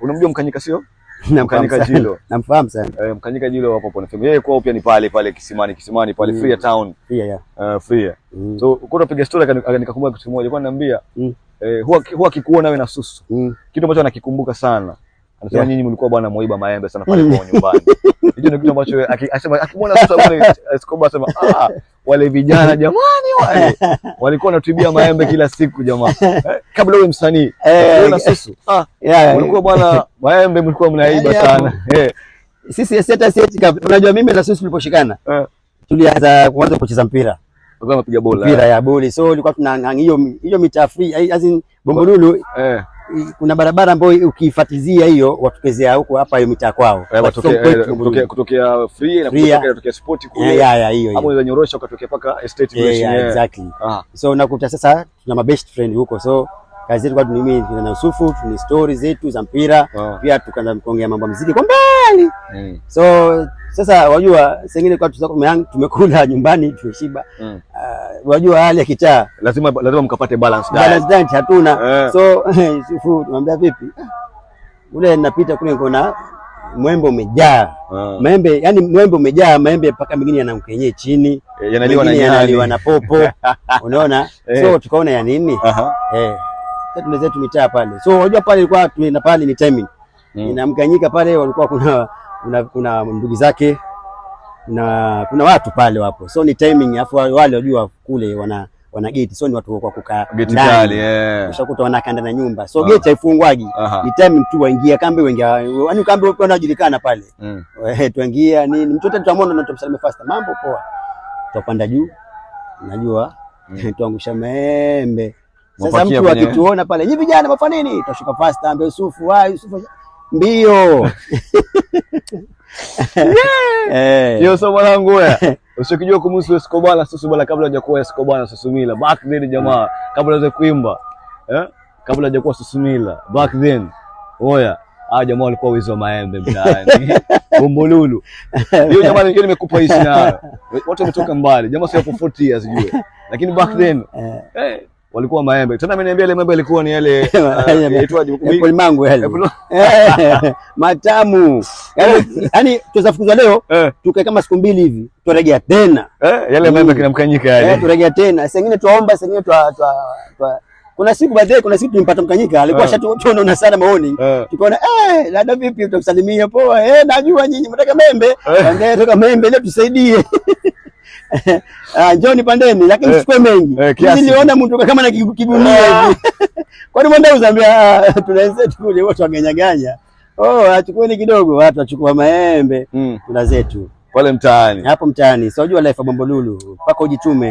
Unamjua Mkanyika sio? na Mkanyika Jilo. Namfahamu sana. Eh, Mkanyika Jilo hapo hapo nafahamu. Yeye kwao pia ni pale pale Kisimani, Kisimani pale mm. Free Town. Yeah, yeah. Uh, free. Eh, mm. So kwa napiga story akanikakumbuka kitu kimoja. Kwa naniambia mm. eh, huwa huwa kikuona wewe na Susu. Mm. Kitu ambacho anakikumbuka sana. Anasema yeah. Nyinyi mlikuwa bwana mwaiba maembe sana pale kwa mm. nyumbani. Hicho ndio kitu ambacho akisema akimwona Susu yule Escobar eh, anasema ah wale vijana jamani, wale walikuwa wanatubia maembe kila siku jamaa. Eh, Kabla wewe msanii eh, na eh, susu ah, ulikuwa bwana, maembe mlikuwa mnaiba sana. Sisi hata sisi, unajua mimi na sisi tuliposhikana, tulianza kuanza kucheza mpira, tukawa tunapiga bola mpira ya boli, so tulikuwa tunang'ang'a hiyo hiyo mitafi as in bombululu eh kuna barabara ambayo ukiifatizia hiyo watokezea huko hapa hiyo mitaa kwao, eh, eh, kutokea free na kutokea sport kule, ya hiyo hapo ile nyorosha, ukatokea paka estate. Exactly, ah. so nakuta sasa tuna mabest friend huko so kazi yetu kwa mimi na Yusufu ni story zetu za mpira oh. Pia tukaanza kuongea mambo ya muziki kwa mbali mm. So sasa wajua, sengine kwa tuzako tutakuwa tumekula nyumbani tumeshiba mm. Uh, wajua hali ya kitaa lazima lazima mkapate balance diet, balance diet hatuna yeah. So Yusufu tunamwambia vipi, ule napita kule niko na mwembe umejaa ah. Maembe yani mwembe umejaa maembe mpaka mengine yanamkenyee chini, eh, yanaliwa na nyani yanaliwa na popo unaona eh. So tukaona ya nini eh tuna zetu mitaa pale. So unajua pale ilikuwa tuna pale ni timing. Mm. Inamganyika pale walikuwa kuna kuna, kuna ndugu zake na kuna watu pale wapo. So ni timing afu wale wajua kule wana wana geti. So ni watu kwa kukaa geti kali yeah. Ushakuta wanakanda na nyumba. So uh -huh. Ah. Geti haifungwaji. Uh -huh. Ni timing tu waingia kambi wengi. Yaani kambi wapo wanajulikana pale. Mm. Eh, tuingia nini? Mtoto tutamwona na tutamsalimia fasta. Mambo poa. Tupanda juu. Najua mm. tuangusha maembe. Sasa mtu akituona pale, hivi vijana mafanya nini? Tashuka fast ambe Yusufu, ah Yusufu mbio. Eh. Yo so mwanangu ya. Usikijua kumhusu Escobar bwana Susu bwana kabla hajakuwa Escobar bwana Susu Mila. Back then jamaa, kabla hawezi kuimba. Eh? Kabla hajakuwa Susu Mila. Back then. Oya. Ah, jamaa walikuwa wizi wa maembe mtaani. Bombolulu. Hiyo jamaa nyingine nimekupa hii sina. Watu wametoka mbali. Jamaa sio hapo 40 years jue. Lakini back then. Eh. eh walikuwa maembe. Tena mimi niambia ile maembe ilikuwa ni yale inaitwaje? Eh, Apple mango yale. Eh, matamu. Yaani yaani tuzafukuzwa leo eh. tukae kama siku mbili hivi turejea tena. Eh, yale maembe mm. kinamkanyika yale. Eh, turejea tena. Sasa nyingine tuomba, sasa nyingine twa twa kuna siku baadaye, kuna siku tulimpata Mkanyika, alikuwa yeah. shatuona na sana maoni, yeah. tukaona eh, labda vipi, utakusalimia poa, eh, najua nyinyi mtaka membe yeah. Ndio toka membe leo tusaidie. Ah, njoni pandeni lakini usichukue eh, mengi. Eh, niliona mtu kama na kigunia ah. hivi. Kwani mwenda uzambia ah, tunaweza tukule watu wanganyaganya. Oh, achukueni kidogo watu achukua maembe. Tuna hmm. zetu. Pale mtaani. Hapo mtaani. Sio jua life ya Bambolulu Paka ujitume.